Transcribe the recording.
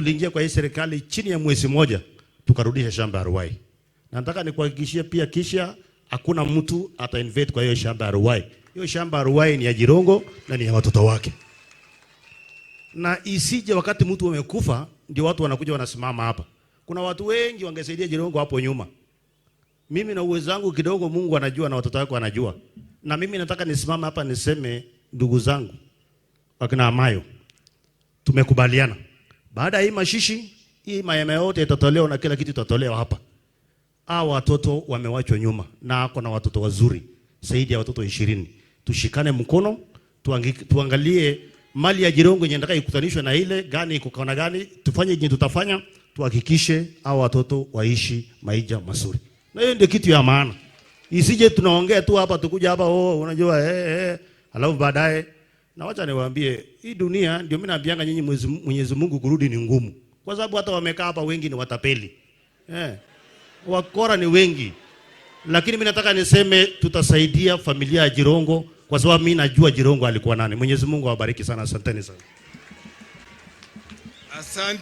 Tuliingia kwa hii serikali chini ya mwezi mmoja tukarudisha shamba ya Ruai. Na nataka nikuhakikishie pia kisha hakuna mtu ata invest kwa hiyo shamba ya Ruai. Hiyo shamba ya Ruai ni ya Jirongo na ni ya watoto wake. Na isije wakati mtu amekufa ndio watu wanakuja wanasimama hapa. Kuna watu wengi wangesaidia Jirongo hapo nyuma. Mimi na uwezo wangu kidogo, Mungu anajua na watoto wake wanajua. Na mimi nataka nisimame hapa niseme, ndugu zangu wakina Amayo, tumekubaliana baada ya hii mashishi, hii mahema yote itatolewa na kila kitu itatolewa hapa. Hawa watoto wamewachwa nyuma na ako na watoto wazuri zaidi ya watoto ishirini. Tushikane mkono tuangi, tuangalie mali ya Jirongo yenye ndaka ikutanishwe na ile gani iko gani, tufanye jinsi tutafanya, tuhakikishe hawa watoto waishi maisha mazuri. Na hiyo ndio kitu ya maana. Isije tunaongea tu hapa tukuja hapa oh, unajua eh, eh, eh. alafu baadaye na wacha niwaambie, hii dunia ndio mimi naambianga nyinyi, Mwenyezi Mungu kurudi ni ngumu, kwa sababu hata wamekaa hapa wengi ni watapeli eh, wakora ni wengi, lakini mimi nataka niseme tutasaidia familia ya Jirongo kwa sababu mimi najua Jirongo alikuwa nani. Mwenyezi Mungu awabariki sana, asanteni sana, asante.